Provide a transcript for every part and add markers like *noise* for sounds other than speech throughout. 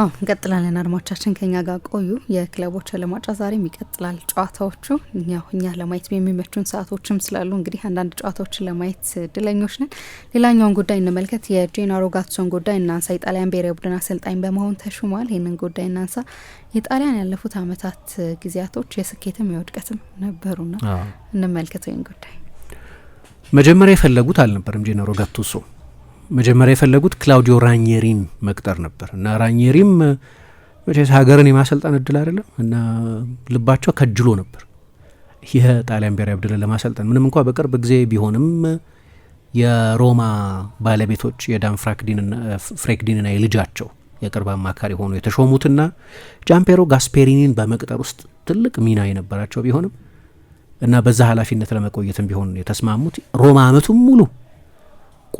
አዎ እንቀጥላለን። አድማጮቻችን ከኛ ጋር ቆዩ። የክለቦች አለማጫ ዛሬም ይቀጥላል። ጨዋታዎቹ ያው እኛ ለማየት የሚመቹን ሰዓቶችም ስላሉ እንግዲህ አንዳንድ ጨዋታዎችን ለማየት እድለኞች ነን። ሌላኛውን ጉዳይ እንመልከት። የጄናሮ ጋትሶን ጉዳይ እናንሳ። የጣሊያን ብሔራዊ ቡድን አሰልጣኝ በመሆን ተሹሟል። ይህንን ጉዳይ እናንሳ። የጣሊያን ያለፉት ዓመታት ጊዜያቶች የስኬትም የውድቀትም ነበሩና እንመልከተው ይህን ጉዳይ። መጀመሪያ የፈለጉት አልነበርም ጄናሮ ጋቱሶ መጀመሪያ የፈለጉት ክላውዲዮ ራኘሪን መቅጠር ነበር እና ራኘሪም መቼስ ሀገርን የማሰልጠን እድል አይደለም እና ልባቸው ከጅሎ ነበር የጣሊያን ብሔራዊ ቡድንን ለማሰልጠን ምንም እንኳ በቅርብ ጊዜ ቢሆንም የሮማ ባለቤቶች የዳን ፍሬክዲንና የልጃቸው የቅርብ አማካሪ ሆኑ የተሾሙትና ጃምፔሮ ጋስፔሪኒን በመቅጠር ውስጥ ትልቅ ሚና የነበራቸው ቢሆንም እና በዛ ኃላፊነት ለመቆየትም ቢሆን የተስማሙት ሮማ አመቱም ሙሉ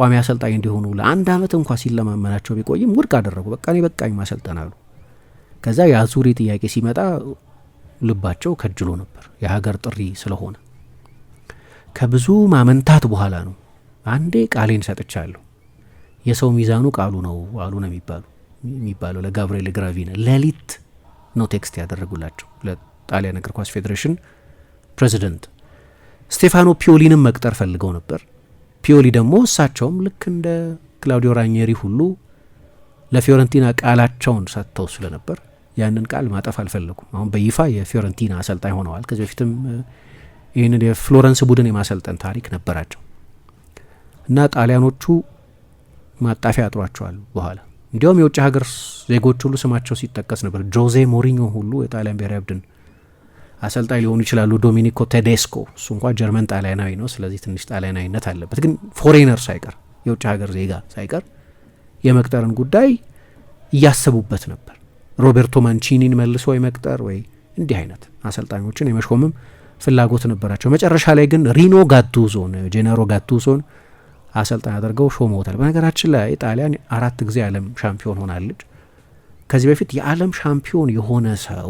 ቋሚ አሰልጣኝ እንዲሆኑ ለአንድ አመት እንኳ ሲለማመናቸው ቢቆይም ውድቅ አደረጉ። በቃ እኔ በቃኝ ማሰልጠን አሉ። ከዛ የአዙሪ ጥያቄ ሲመጣ ልባቸው ከጅሎ ነበር። የሀገር ጥሪ ስለሆነ ከብዙ ማመንታት በኋላ ነው አንዴ ቃሌን ሰጥቻለሁ፣ የሰው ሚዛኑ ቃሉ ነው አሉ ነው የሚባሉ የሚባለው ለጋብርኤል ግራቪነ ሌሊት ነው ቴክስት ያደረጉላቸው ለጣሊያን እግር ኳስ ፌዴሬሽን ፕሬዚደንት ስቴፋኖ ፒዮሊንም መቅጠር ፈልገው ነበር ፒዮሊ ደግሞ እሳቸውም ልክ እንደ ክላውዲዮ ራኘሪ ሁሉ ለፊዮረንቲና ቃላቸውን ሰጥተው ስለነበር ያንን ቃል ማጠፍ አልፈለጉም። አሁን በይፋ የፊዮረንቲና አሰልጣኝ ሆነዋል። ከዚህ በፊትም ይህንን የፍሎረንስ ቡድን የማሰልጠን ታሪክ ነበራቸው እና ጣሊያኖቹ ማጣፊያ አጥሯቸዋል በኋላ እንዲያውም የውጭ ሀገር ዜጎች ሁሉ ስማቸው ሲጠቀስ ነበር። ጆዜ ሞሪኞ ሁሉ የጣሊያን ብሔራዊ ቡድን አሰልጣኝ ሊሆኑ ይችላሉ። ዶሚኒኮ ቴዴስኮ እሱ እንኳ ጀርመን ጣሊያናዊ ነው። ስለዚህ ትንሽ ጣሊያናዊነት አለበት። ግን ፎሬነር ሳይቀር የውጭ ሀገር ዜጋ ሳይቀር የመቅጠርን ጉዳይ እያሰቡበት ነበር። ሮቤርቶ ማንቺኒን መልሶ የመቅጠር ወይ እንዲህ አይነት አሰልጣኞችን የመሾምም ፍላጎት ነበራቸው። መጨረሻ ላይ ግን ሪኖ ጋቱዞን ጄነሮ ጋቱዞን አሰልጣኝ አድርገው ሾመውታል። በነገራችን ላይ ጣሊያን አራት ጊዜ የዓለም ሻምፒዮን ሆናለች። ከዚህ በፊት የዓለም ሻምፒዮን የሆነ ሰው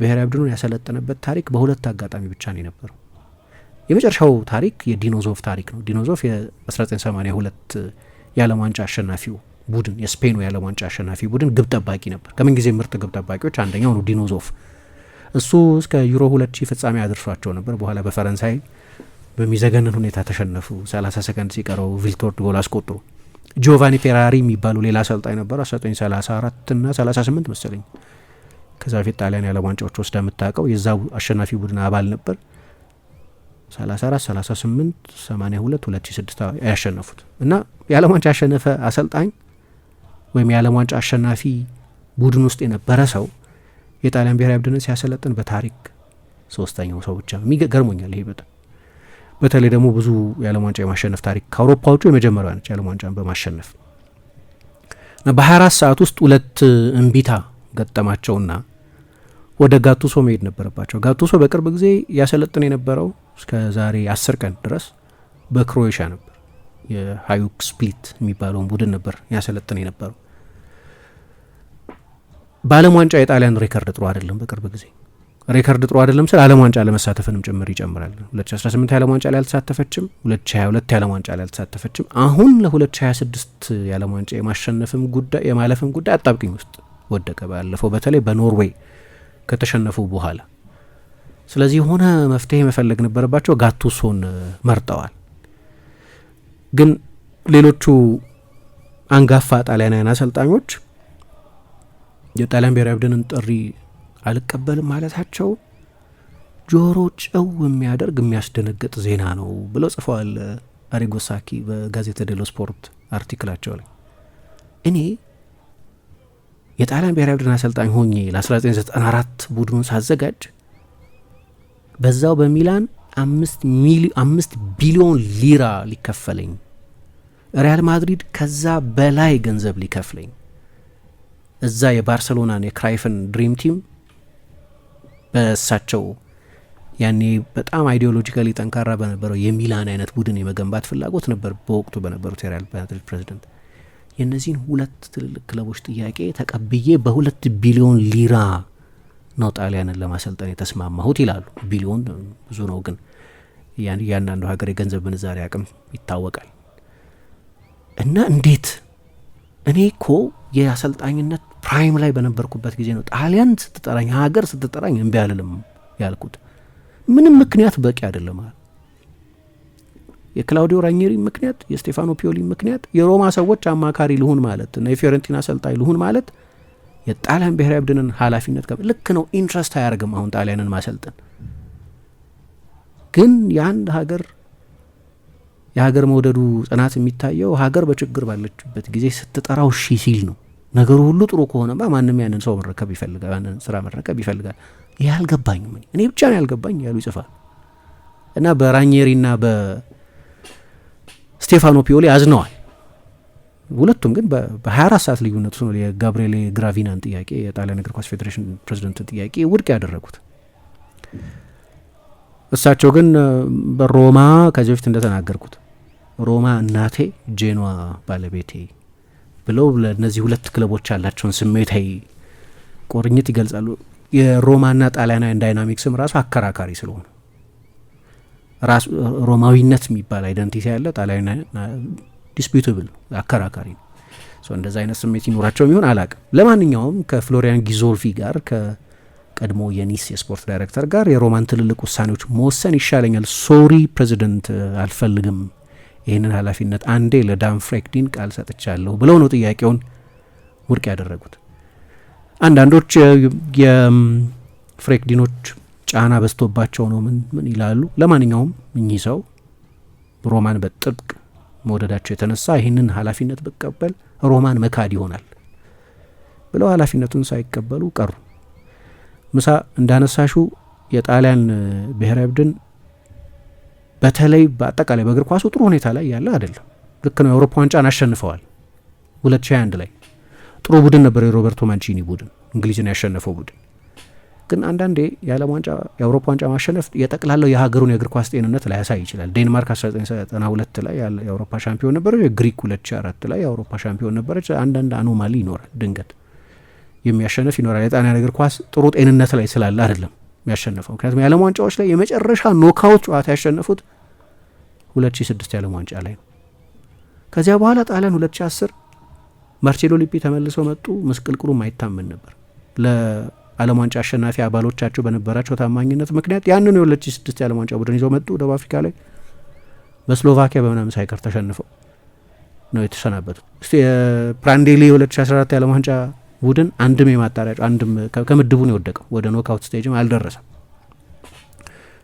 ብሔራዊ ቡድኑን ያሰለጠነበት ታሪክ በሁለት አጋጣሚ ብቻ ነው የነበረው። የመጨረሻው ታሪክ የዲኖዞፍ ታሪክ ነው። ዲኖዞፍ የ1982 የዓለም ዋንጫ አሸናፊው ቡድን የስፔኑ የዓለም ዋንጫ አሸናፊ ቡድን ግብ ጠባቂ ነበር። ከምንጊዜ ምርጥ ግብ ጠባቂዎች አንደኛው ነው ዲኖዞፍ። እሱ እስከ ዩሮ 2000 ፍጻሜ አድርሷቸው ነበር። በኋላ በፈረንሳይ በሚዘገንን ሁኔታ ተሸነፉ። 30 ሰከንድ ሲቀረው ቪልቶርድ ጎል አስቆጥሩ። ጂዮቫኒ ፌራሪ የሚባሉ ሌላ አሰልጣኝ ነበሩ። 1934 እና 38 መሰለኝ ከዛ በፊት ጣሊያን ያለ ዋንጫዎች ወስዳ የምታውቀው የዛው አሸናፊ ቡድን አባል ነበር። 34 38 82 2006 ያሸነፉት እና የዓለም ዋንጫ ያሸነፈ አሰልጣኝ ወይም የዓለም ዋንጫ አሸናፊ ቡድን ውስጥ የነበረ ሰው የጣሊያን ብሔራዊ ቡድንን ሲያሰለጥን በታሪክ ሶስተኛው ሰው ብቻ ገርሞኛል። ይሄ በጣም በተለይ ደግሞ ብዙ የዓለም ዋንጫ የማሸነፍ ታሪክ ከአውሮፓዎቹ የመጀመሪያ ነች የዓለም ዋንጫን በማሸነፍ በ24 ሰዓት ውስጥ ሁለት እምቢታ ገጠማቸውና ወደ ጋቱሶ መሄድ ነበረባቸው። ጋቱሶ በቅርብ ጊዜ ያሰለጥን የነበረው እስከ ዛሬ አስር ቀን ድረስ በክሮኤሽያ ነበር። የሀዩክ ስፕሊት የሚባለውን ቡድን ነበር ያሰለጥን የነበረው። በዓለም ዋንጫ የጣሊያን ሬከርድ ጥሩ አይደለም። በቅርብ ጊዜ ሬከርድ ጥሩ አይደለም ስል ዓለም ዋንጫ ለመሳተፍንም ጭምር ይጨምራል። 2018 የዓለም ዋንጫ ላይ አልተሳተፈችም፣ 2022 የዓለም ዋንጫ ላይ አልተሳተፈችም። አሁን ለ2026 የዓለም ዋንጫ የማሸነፍም ጉዳይ የማለፍም ጉዳይ አጣብቂኝ ውስጥ ወደቀ። ባለፈው በተለይ በኖርዌይ ከተሸነፉ በኋላ። ስለዚህ የሆነ መፍትሄ መፈለግ ነበረባቸው። ጋቱሶን መርጠዋል። ግን ሌሎቹ አንጋፋ ጣሊያናውያን አሰልጣኞች የጣሊያን ብሔራዊ ቡድንን ጥሪ አልቀበልም ማለታቸው ጆሮ ጨው የሚያደርግ የሚያስደነግጥ ዜና ነው ብለው ጽፈዋል። አሪጎሳኪ ሳኪ በጋዜጣ ዴሎ ስፖርት አርቲክላቸው ላይ እኔ የጣሊያን ብሔራዊ ቡድን አሰልጣኝ ሆኜ ለ1994 ቡድኑን ሳዘጋጅ በዛው በሚላን አምስት ቢሊዮን ሊራ ሊከፈለኝ ሪያል ማድሪድ ከዛ በላይ ገንዘብ ሊከፍለኝ እዛ የባርሰሎናን የክራይፍን ድሪም ቲም በእሳቸው ያኔ በጣም አይዲዮሎጂካሊ ጠንካራ በነበረው የሚላን አይነት ቡድን የመገንባት ፍላጎት ነበር በወቅቱ በነበሩት የሪያል ማድሪድ ፕሬዚደንት። የእነዚህን ሁለት ትልልቅ ክለቦች ጥያቄ ተቀብዬ በሁለት ቢሊዮን ሊራ ነው ጣሊያንን ለማሰልጠን የተስማማሁት ይላሉ። ቢሊዮን ብዙ ነው፣ ግን እያንዳንዱ ሀገር የገንዘብ ምንዛሪ አቅም ይታወቃል። እና እንዴት እኔ ኮ የአሰልጣኝነት ፕራይም ላይ በነበርኩበት ጊዜ ነው ጣሊያን ስትጠራኝ፣ ሀገር ስትጠራኝ እምቢ አልልም ያልኩት። ምንም ምክንያት በቂ አይደለም አለ የክላውዲዮ ራኒሪ ምክንያት፣ የስቴፋኖ ፒዮሊ ምክንያት የሮማ ሰዎች አማካሪ ልሁን ማለት እና የፊዮረንቲና አሰልጣኝ ልሁን ማለት የጣሊያን ብሔራዊ ቡድንን ኃላፊነት ልክ ነው። ኢንትረስት አያደርግም አሁን ጣሊያንን ማሰልጠን ግን የአንድ ሀገር የሀገር መውደዱ ጽናት የሚታየው ሀገር በችግር ባለችበት ጊዜ ስትጠራው እሺ ሲል ነው። ነገሩ ሁሉ ጥሩ ከሆነማ ማንም ያንን ሰው መረከብ ይፈልጋል፣ ያንን ስራ መረከብ ይፈልጋል። ይህ አልገባኝም፣ እኔ ብቻ ነው ያልገባኝ ያሉ ይጽፋል እና በራኒሪና ስቴፋኖ ፒዮሊ አዝነዋል። ሁለቱም ግን በ24 ሰዓት ልዩነት ነው የጋብርኤሌ ግራቪናን ጥያቄ የጣሊያን እግር ኳስ ፌዴሬሽን ፕሬዚደንትን ጥያቄ ውድቅ ያደረጉት። እሳቸው ግን በሮማ ከዚህ በፊት እንደተናገርኩት ሮማ እናቴ፣ ጄኗ ባለቤቴ ብለው ለእነዚህ ሁለት ክለቦች ያላቸውን ስሜታዊ ቁርኝት ይገልጻሉ። የሮማና ጣሊያናውያን ዳይናሚክስም ራሱ አከራካሪ ስለሆነ ሮማዊነት የሚባል አይደንቲቲ ያለ ጣሊያዊ ዲስፒቱብል አከራካሪ ነው። እንደዚ አይነት ስሜት ይኖራቸው የሚሆን አላቅም። ለማንኛውም ከፍሎሪያን ጊዞልፊ ጋር ከቀድሞ የኒስ የስፖርት ዳይሬክተር ጋር የሮማን ትልልቅ ውሳኔዎች መወሰን ይሻለኛል፣ ሶሪ ፕሬዚደንት አልፈልግም፣ ይህንን ኃላፊነት አንዴ ለዳን ፍሬክዲን ቃል ሰጥቻለሁ ብለው ነው ጥያቄውን ውድቅ ያደረጉት። አንዳንዶች የፍሬክዲኖች ጫና በዝቶባቸው ነው ምን ምን ይላሉ። ለማንኛውም እኚህ ሰው ሮማን በጥብቅ መውደዳቸው የተነሳ ይህንን ኃላፊነት ብቀበል ሮማን መካድ ይሆናል ብለው ኃላፊነቱን ሳይቀበሉ ቀሩ። ምሳ እንዳነሳሹ የጣሊያን ብሔራዊ ቡድን በተለይ በአጠቃላይ በእግር ኳሱ ጥሩ ሁኔታ ላይ ያለ አይደለም። ልክ ነው። የአውሮፓ ዋንጫን አሸንፈዋል 2021 ላይ ጥሩ ቡድን ነበር የሮበርቶ ማንቺኒ ቡድን፣ እንግሊዝን ያሸነፈው ቡድን ግን አንዳንዴ የዓለም ዋንጫ የአውሮፓ ዋንጫ ማሸነፍ የጠቅላላው የሀገሩን የእግር ኳስ ጤንነት ላያሳይ ይችላል። ዴንማርክ 1992 ላይ የአውሮፓ ሻምፒዮን ነበረች። ግሪክ 2004 ላይ የአውሮፓ ሻምፒዮን ነበረች። አንዳንድ አኖማሊ ይኖራል። ድንገት የሚያሸንፍ ይኖራል። የጣሊያን እግር ኳስ ጥሩ ጤንነት ላይ ስላለ አይደለም የሚያሸንፈው። ምክንያቱም የዓለም ዋንጫዎች ላይ የመጨረሻ ኖካውት ጨዋታ ያሸነፉት 2006 የዓለም ዋንጫ ላይ ነው። ከዚያ በኋላ ጣሊያን 2010 ማርሴሎ ሊፒ ተመልሰው መጡ። ምስቅልቅሉ ማይታመን ነበር። ዓለም ዋንጫ አሸናፊ አባሎቻቸው በነበራቸው ታማኝነት ምክንያት ያንኑ የ ስድስት የዓለም ዋንጫ ቡድን ይዘው መጡ። ደቡብ አፍሪካ ላይ በስሎቫኪያ በምናምን ሳይቀር ተሸንፈው ነው የተሰናበቱ። እስቲ የፕራንዴሊ አስራ አራት የዓለም ዋንጫ ቡድን አንድም የማጣሪያ አንድም ከምድቡን የወደቀው ወደ ኖክአውት ስቴጅም አልደረሰም።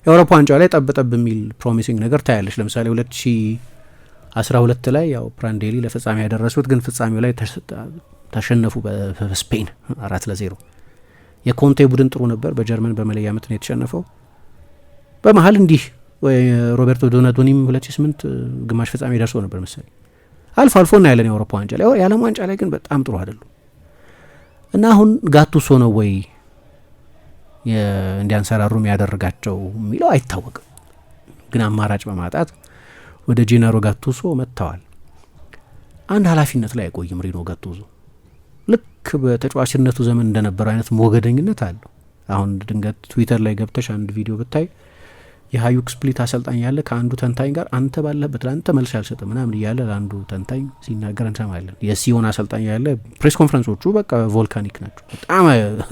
የአውሮፓ ዋንጫ ላይ ጠብጠብ የሚል ፕሮሚሲንግ ነገር ታያለች። ለምሳሌ ሁለት ላይ ያው ፕራንዴሊ ለፍጻሜ ያደረሱት ግን ፍጻሜው ላይ ተሸነፉ በስፔን አራት ለዜሮ የኮንቴ ቡድን ጥሩ ነበር። በጀርመን በመለያ ምት ነው የተሸነፈው። በመሀል እንዲህ ሮቤርቶ ዶናዶኒም 2008 ግማሽ ፍጻሜ ደርሶ ነበር መሰለኝ። አልፎ አልፎ እና ያለን የአውሮፓ ዋንጫ ላይ የዓለም ዋንጫ ላይ ግን በጣም ጥሩ አይደሉም እና አሁን ጋቱሶ ነው ወይ እንዲያንሰራሩም የሚያደርጋቸው የሚለው አይታወቅም። ግን አማራጭ በማጣት ወደ ጄናሮ ጋቱሶ መጥተዋል። አንድ ኃላፊነት ላይ አይቆይም ሪኖ ጋቱሶ ልክ በተጫዋችነቱ ዘመን እንደነበረው አይነት ሞገደኝነት አለው። አሁን ድንገት ትዊተር ላይ ገብተሽ አንድ ቪዲዮ ብታይ የሀዩክ ስፕሊት አሰልጣኝ ያለ ከአንዱ ተንታኝ ጋር አንተ ባለበት ለአንተ መልስ አልሰጥም ምናምን እያለ ለአንዱ ተንታኝ ሲናገር እንሰማለን። የሲሆን አሰልጣኝ ያለ ፕሬስ ኮንፈረንሶቹ በቃ ቮልካኒክ ናቸው። በጣም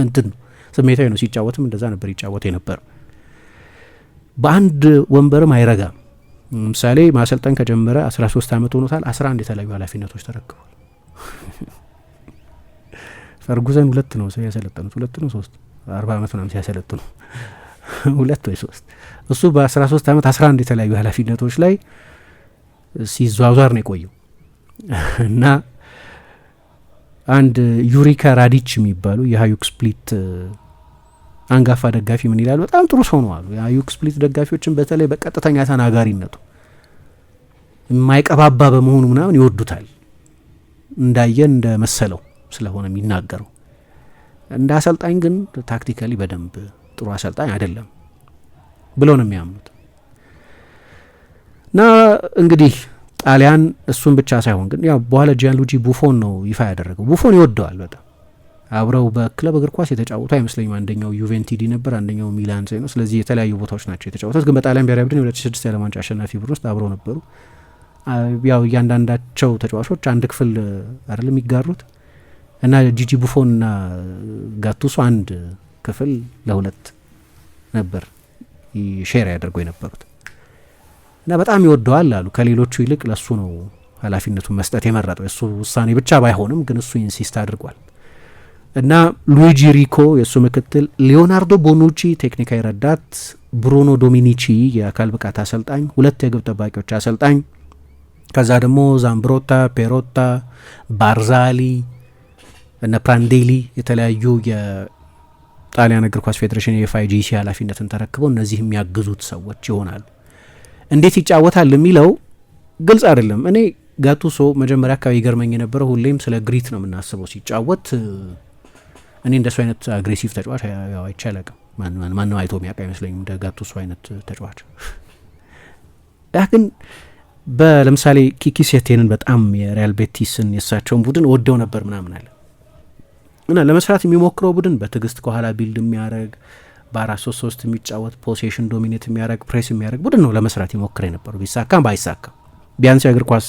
እንትን ነው፣ ስሜታዊ ነው። ሲጫወትም እንደዛ ነበር ይጫወት የነበረ። በአንድ ወንበርም አይረጋም። ምሳሌ ማሰልጠን ከጀመረ 13 ዓመት ሆኖታል። 11 የተለያዩ ኃላፊነቶች ተረክቧል። ፈርጉሰን ሁለት ነው ሰው ያሰለጠኑት፣ ሁለት ነው ሶስት አርባ አመት ምናምን ሲያሰለጥኑ *laughs* ሁለት ወይ ሶስት። እሱ በአስራ ሶስት አመት አስራ አንድ የተለያዩ ኃላፊነቶች ላይ ሲዟዟር ነው የቆየው *laughs* እና አንድ ዩሪካ ራዲች የሚባሉ የሀዩክ ስፕሊት አንጋፋ ደጋፊ ምን ይላሉ? በጣም ጥሩ ሰው ነው አሉ። የሀዩክ ስፕሊት ደጋፊዎችን በተለይ በቀጥተኛ ተናጋሪነቱ የማይቀባባ በመሆኑ ምናምን ይወዱታል እንዳየን እንደ መሰለው ስለሆነ የሚናገሩ እንደ አሰልጣኝ ግን ታክቲካሊ በደንብ ጥሩ አሰልጣኝ አይደለም ብለው ነው የሚያምኑት። እና እንግዲህ ጣሊያን እሱን ብቻ ሳይሆን ግን ያው በኋላ ጂያንሉጂ ቡፎን ነው ይፋ ያደረገው። ቡፎን ይወደዋል በጣም አብረው በክለብ እግር ኳስ የተጫወቱ አይመስለኝም። አንደኛው ዩቬንቲዲ ነበር፣ አንደኛው ሚላን ሳይ ነው። ስለዚህ የተለያዩ ቦታዎች ናቸው የተጫወቱት። ግን በጣሊያን ብሔራዊ ቡድን የ ስድስት የዓለም ዋንጫ አሸናፊ ቡድን ውስጥ አብረው ነበሩ። ያው እያንዳንዳቸው ተጫዋቾች አንድ ክፍል አይደለም የሚጋሩት እና ጂጂ ቡፎንና ጋቱሶ አንድ ክፍል ለሁለት ነበር ሼር ያደርጉ የነበሩት እና በጣም ይወደዋል አሉ። ከሌሎቹ ይልቅ ለእሱ ነው ኃላፊነቱን መስጠት የመረጠው። የእሱ ውሳኔ ብቻ ባይሆንም ግን እሱ ኢንሲስት አድርጓል። እና ሉዊጂ ሪኮ የእሱ ምክትል፣ ሊዮናርዶ ቦኑቺ ቴክኒካዊ ረዳት፣ ብሩኖ ዶሚኒቺ የአካል ብቃት አሰልጣኝ፣ ሁለት የግብ ጠባቂዎች አሰልጣኝ፣ ከዛ ደግሞ ዛምብሮታ፣ ፔሮታ፣ ባርዛሊ እነ ፕራንዴሊ የተለያዩ የጣሊያን እግር ኳስ ፌዴሬሽን የኤፍአይጂሲ ኃላፊነትን ተረክበው እነዚህ የሚያግዙት ሰዎች ይሆናሉ። እንዴት ይጫወታል የሚለው ግልጽ አይደለም። እኔ ጋቱሶ መጀመሪያ አካባቢ ይገርመኝ የነበረው ሁሌም ስለ ግሪት ነው የምናስበው ሲጫወት። እኔ እንደሱ አይነት አግሬሲቭ ተጫዋች አይቼ አላውቅም። ማንም አይቶ የሚያውቅ አይመስለኝም እንደ ጋቱሶ አይነት ተጫዋች ያ ግን በለምሳሌ ኪኪ ሴቴንን በጣም የሪያል ቤቲስን የእሳቸውን ቡድን ወደው ነበር ምናምን አለ። እና ለመስራት የሚሞክረው ቡድን በትዕግስት ከኋላ ቢልድ የሚያደርግ በአራት ሶስት ሶስት የሚጫወት ፖሴሽን ዶሚኔት የሚያደርግ ፕሬስ የሚያደርግ ቡድን ነው ለመስራት ይሞክር የነበሩ ቢሳካም ባይሳካም ቢያንስ የእግር ኳስ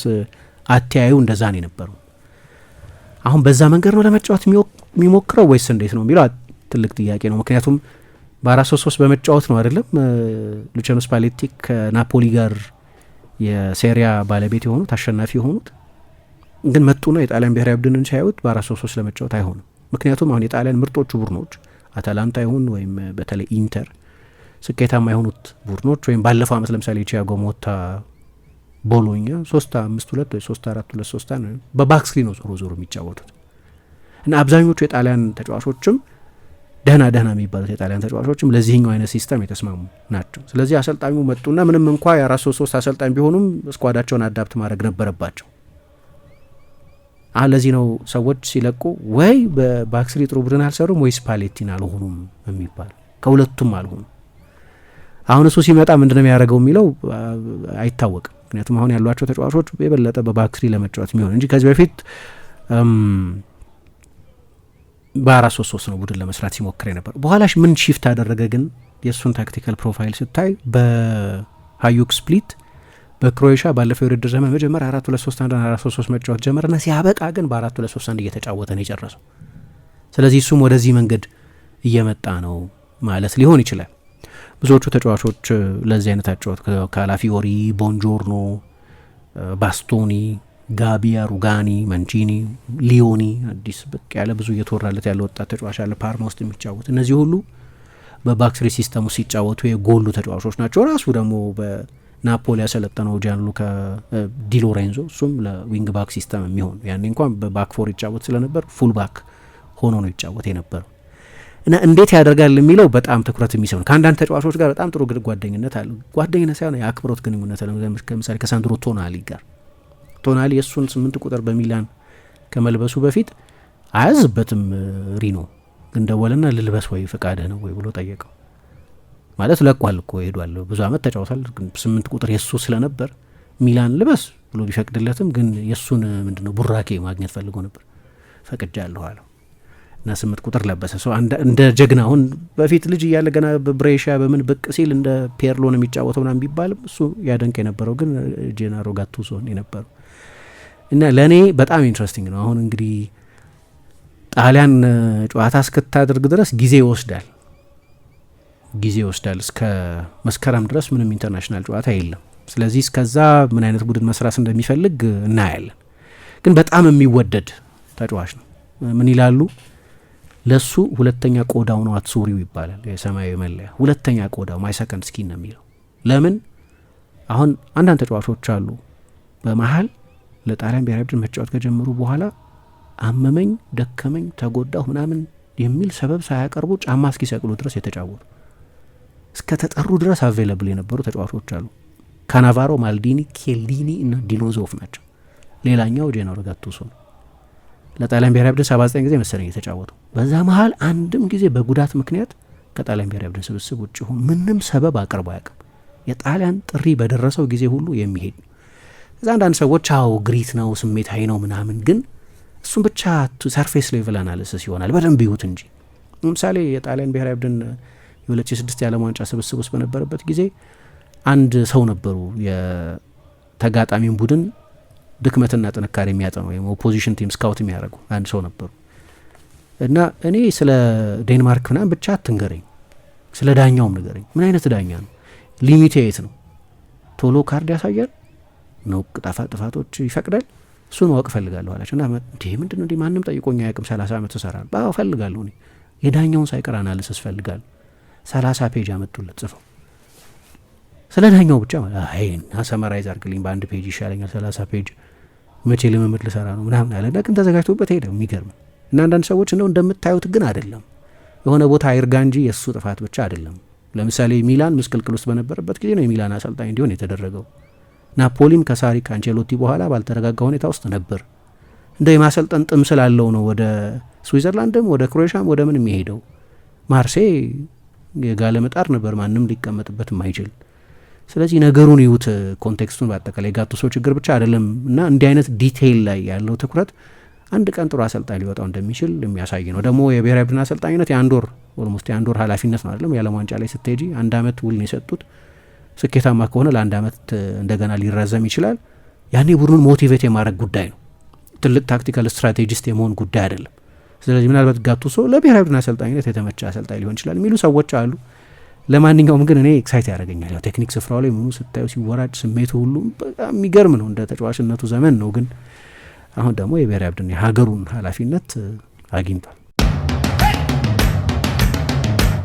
አተያዩ እንደዛ ነው የነበሩ። አሁን በዛ መንገድ ነው ለመጫወት የሚሞክረው ወይስ እንዴት ነው የሚለው ትልቅ ጥያቄ ነው። ምክንያቱም በአራት ሶስት ሶስት በመጫወት ነው አይደለም ሉቺያኖ ስፓሌቲ ከናፖሊ ጋር የሴሪያ ባለቤት የሆኑት አሸናፊ የሆኑት ግን መጡና የጣሊያን ብሔራዊ ቡድንን ሲያዩት በአራት ሶስት ሶስት ለመጫወት አይሆንም ምክንያቱም አሁን የጣሊያን ምርጦቹ ቡድኖች አታላንታ ይሁን ወይም በተለይ ኢንተር ስኬታማ የሆኑት ቡድኖች ወይም ባለፈው አመት ለምሳሌ ቺያጎ ሞታ ቦሎኛ ሶስት አምስት ሁለት ወይ ሶስት አራት ሁለት ሶስት በባክስሊ ነው ዞሮ ዞሮ የሚጫወቱት እና አብዛኞቹ የጣሊያን ተጫዋቾችም ደህና ደህና የሚባሉት የጣሊያን ተጫዋቾችም ለዚህኛው አይነት ሲስተም የተስማሙ ናቸው። ስለዚህ አሰልጣኙ መጡና ምንም እንኳ የአራት ሶስት ሶስት አሰልጣኝ ቢሆኑም ስኳዳቸውን አዳፕት ማድረግ ነበረባቸው። ለዚህ ነው ሰዎች ሲለቁ ወይ በባክስሪ ጥሩ ቡድን አልሰሩም ወይ ስፓሌቲን አልሆኑም የሚባል ከሁለቱም አልሆኑም። አሁን እሱ ሲመጣ ምንድነው የሚያደርገው የሚለው አይታወቅም። ምክንያቱም አሁን ያሏቸው ተጫዋቾች የበለጠ በባክስሪ ለመጫወት የሚሆን እንጂ ከዚህ በፊት በአራት ሶስት ሶስት ነው ቡድን ለመስራት ሲሞክር የነበር። በኋላሽ ምን ሺፍት አደረገ ግን የእሱን ታክቲካል ፕሮፋይል ስታይ በሀዩክ ስፕሊት በክሮኤሽያ ባለፈው የውድድር ዘመን መጀመሪያ አራት ሁለት ሶስት አንድ አራት ሶስት ሶስት መጫወት ጀመረና ሲያበቃ ግን በአራት ሁለት ሶስት አንድ እየተጫወተ ነው የጨረሰው። ስለዚህ እሱም ወደዚህ መንገድ እየመጣ ነው ማለት ሊሆን ይችላል። ብዙዎቹ ተጫዋቾች ለዚህ አይነት አጫወት ካላፊዮሪ፣ ቦንጆርኖ፣ ባስቶኒ፣ ጋቢያ፣ ሩጋኒ፣ መንቺኒ፣ ሊዮኒ አዲስ ብቅ ያለ ብዙ እየተወራለት ያለ ወጣት ተጫዋች አለ ፓርማ ውስጥ የሚጫወት እነዚህ ሁሉ በባክስሪ ሲስተሙ ሲጫወቱ የጎሉ ተጫዋቾች ናቸው። ራሱ ደግሞ ናፖሊ ያሰለጠነው ጃንሉካ ዲ እሱም ለዊንግ ባክ ሲስተም የሚሆን ያኔ እንኳን በባክፎር ይጫወት ስለነበር ፉል ባክ ሆኖ ነው ይጫወት የነበረው እና እንዴት ያደርጋል የሚለው በጣም ትኩረት የሚስብ ነው። ከአንዳንድ ተጫዋቾች ጋር በጣም ጥሩ ጓደኝነት አለ። ጓደኝነት ሳይሆን የአክብሮት ግንኙነት አለ። ከምሳሌ ከሳንድሮ ቶናሊ ጋር ቶናሊ የእሱን ስምንት ቁጥር በሚላን ከመልበሱ በፊት አያዝበትም ሪኖ ግን ደወለና ልልበስ ወይ ፈቃደ ነው ወይ ብሎ ጠየቀው። ማለት ለቋል እኮ ሄዷል። ብዙ አመት ተጫውቷል። ስምንት ቁጥር የሱ ስለነበር ሚላን ልበስ ብሎ ቢፈቅድለትም ግን የእሱን ምንድነው ቡራኬ ማግኘት ፈልጎ ነበር። ያለሁ አለው እና ስምንት ቁጥር ለበሰ። ሰው እንደ ጀግና አሁን በፊት ልጅ እያለ ገና በብሬሻ በምን ብቅ ሲል እንደ ፔርሎ ነው የሚጫወተው ምናምን ቢባልም እሱ ያደንቅ የነበረው ግን ጄናሮ ጋቱሶ የነበረው እና ለእኔ በጣም ኢንትረስቲንግ ነው። አሁን እንግዲህ ጣሊያን ጨዋታ እስክታደርግ ድረስ ጊዜ ይወስዳል ጊዜ ይወስዳል። እስከ መስከረም ድረስ ምንም ኢንተርናሽናል ጨዋታ የለም። ስለዚህ እስከዛ ምን አይነት ቡድን መስራት እንደሚፈልግ እናያለን። ግን በጣም የሚወደድ ተጫዋች ነው። ምን ይላሉ ለሱ ሁለተኛ ቆዳው ነው አትሱሪው ይባላል። የሰማያዊ መለያ ሁለተኛ ቆዳው ማይ ሰከንድ ስኪን ነው የሚለው። ለምን አሁን አንዳንድ ተጫዋቾች አሉ በመሀል ለጣሊያን ብሔራዊ ቡድን መጫወት ከጀመሩ በኋላ አመመኝ፣ ደከመኝ፣ ተጎዳሁ ምናምን የሚል ሰበብ ሳያቀርቡ ጫማ እስኪሰቅሉ ድረስ የተጫወቱ እስከተጠሩ ድረስ አቬለብል የነበሩ ተጫዋቾች አሉ። ካናቫሮ፣ ማልዲኒ፣ ኬሊኒ እና ዲኖዞፍ ናቸው። ሌላኛው ጄናሮ ጋቱሶ ነው። ለጣሊያን ብሔራዊ ቡድን 79 ጊዜ መሰለኝ የተጫወቱ። በዛ መሀል አንድም ጊዜ በጉዳት ምክንያት ከጣሊያን ብሔራዊ ቡድን ስብስብ ውጭ ሆኖ ምንም ሰበብ አቅርቦ አያውቅም። የጣሊያን ጥሪ በደረሰው ጊዜ ሁሉ የሚሄድ ነው። እዛ አንዳንድ ሰዎች አው ግሪት ነው ስሜታዊ ነው ምናምን፣ ግን እሱም ብቻ ሰርፌስ ሌቭል አናልስስ ይሆናል። በደንብ ይሁት እንጂ ለምሳሌ የጣሊያን ብሔራዊ ቡድን የ2006 የዓለም ዋንጫ ስብስብ ውስጥ በነበረበት ጊዜ አንድ ሰው ነበሩ የተጋጣሚን ቡድን ድክመትና ጥንካሬ የሚያጠኑ ወይም ኦፖዚሽን ቲም ስካውት የሚያደርጉ አንድ ሰው ነበሩ እና እኔ ስለ ዴንማርክ ምናምን ብቻ አትንገረኝ፣ ስለ ዳኛውም ንገረኝ። ምን አይነት ዳኛ ነው? ሊሚቴ የት ነው? ቶሎ ካርድ ያሳያል ነው? ቅጣፋ ጥፋቶች ይፈቅዳል? እሱን ማወቅ እፈልጋለሁ አላቸው እና እንዲህ ምንድን ነው እንዲህ ማንም ጠይቆኛ ያቅም ሰላሳ ዓመት ስሰራ ፈልጋለሁ እኔ የዳኛውን ሳይቀር አናልስ እፈልጋለሁ ሰላሳ ፔጅ አመጡለት ጽፈው ስለ ዳኛው ብቻ ይና ሰመራይዝ አርግልኝ በአንድ ፔጅ ይሻለኛል፣ ሰላሳ ፔጅ መቼ ልምምድ ልሰራ ነው ምናምን አለ ግን ተዘጋጅቶበት ሄደ። የሚገርም እና አንዳንድ ሰዎች እንደው እንደምታዩት ግን አይደለም የሆነ ቦታ አይርጋ እንጂ የእሱ ጥፋት ብቻ አይደለም። ለምሳሌ ሚላን ምስቅልቅል ውስጥ በነበረበት ጊዜ ነው የሚላን አሰልጣኝ እንዲሆን የተደረገው። ናፖሊም ከሳሪ ከአንቸሎቲ በኋላ ባልተረጋጋ ሁኔታ ውስጥ ነበር። እንደ የማሰልጠን ጥም ስላለው ነው ወደ ስዊዘርላንድም ወደ ክሮኤሽያም ወደ ምን የሚሄደው ማርሴይ የጋለ ምጣድ ነበር፣ ማንም ሊቀመጥበት የማይችል ስለዚህ ነገሩን ይዩት፣ ኮንቴክስቱን በአጠቃላይ ጋቱሶ ችግር ብቻ አይደለም እና እንዲህ አይነት ዲቴይል ላይ ያለው ትኩረት አንድ ቀን ጥሩ አሰልጣኝ ሊወጣው እንደሚችል የሚያሳይ ነው። ደግሞ የብሔራዊ ቡድን አሰልጣኝነት የአንድ ወር ኦልሞስት የአንድ ወር ኃላፊነት ነው አይደለም። የዓለም ዋንጫ ላይ ስትሄጂ አንድ አመት ውልን የሰጡት። ስኬታማ ከሆነ ለአንድ አመት እንደገና ሊራዘም ይችላል። ያኔ ቡድኑን ሞቲቬት የማድረግ ጉዳይ ነው። ትልቅ ታክቲካል ስትራቴጂስት የመሆን ጉዳይ አይደለም። ስለዚህ ምናልባት ጋቱሶ ለብሔራዊ ቡድን አሰልጣኝነት የተመቸ አሰልጣኝ ሊሆን ይችላል የሚሉ ሰዎች አሉ። ለማንኛውም ግን እኔ ኤክሳይት ያደርገኛል። ያው ቴክኒክ ስፍራው ላይ ምኑ ስታዩ ሲወራጭ ስሜቱ ሁሉ በጣም የሚገርም ነው። እንደ ተጫዋችነቱ ዘመን ነው። ግን አሁን ደግሞ የብሔራዊ ቡድን የሀገሩን ኃላፊነት አግኝቷል።